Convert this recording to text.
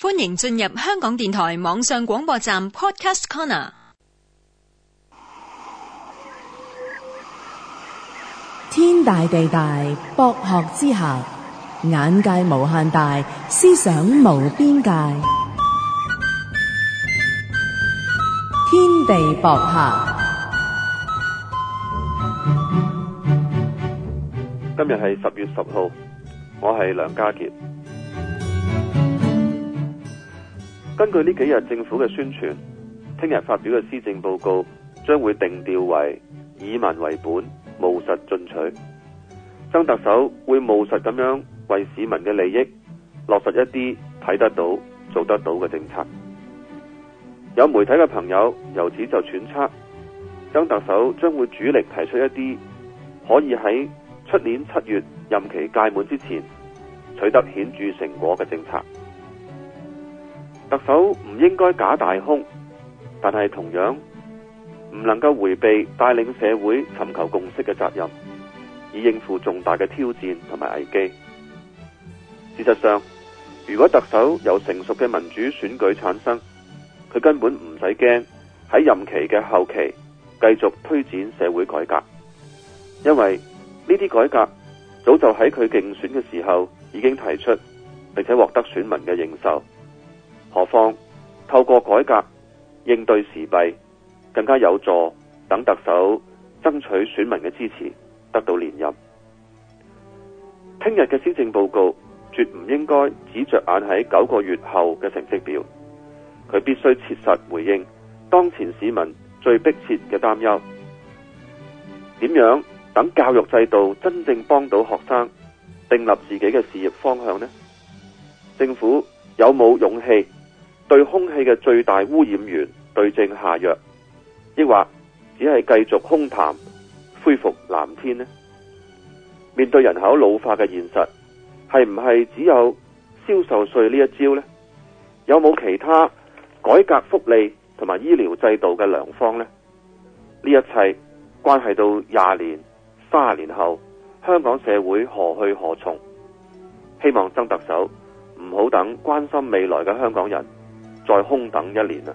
歡迎進入香港電台網上廣播站 Podcast Corner。天大地大，博學之下，眼界無限大，思想無邊界。天地博客。今日係十月十號，我係梁家傑。根據呢幾日政府嘅宣傳，聽日發表嘅施政報告將會定調為以民為本、務實進取。曾特首會務實咁樣為市民嘅利益落實一啲睇得到、做得到嘅政策。有媒體嘅朋友由此就揣測，曾特首將會主力提出一啲可以喺出年七月任期屆滿之前取得顯著成果嘅政策。特首唔應該假大空，但係同樣唔能夠回避帶領社會尋求共識嘅責任，以應付重大嘅挑戰同埋危機。事實上，如果特首由成熟嘅民主選舉產生，佢根本唔使驚喺任期嘅後期繼續推展社會改革，因為呢啲改革早就喺佢競選嘅時候已經提出，並且獲得選民嘅認受。何況透過改革應對時弊，更加有助等特首爭取選民嘅支持，得到連任。聽日嘅施政報告絕唔應該只着眼喺九個月後嘅成績表，佢必須切實回應當前市民最迫切嘅擔憂。點樣等教育制度真正幫到學生訂立自己嘅事業方向呢？政府有冇勇氣？對空氣嘅最大污染源對症下藥，抑或只係繼續空談恢復藍天呢？面對人口老化嘅現實，係唔係只有銷售稅呢一招呢？有冇其他改革福利同埋醫療制度嘅良方呢？呢一切關係到廿年、三十年後香港社會何去何從？希望曾特首唔好等關心未來嘅香港人，再空等一年啊。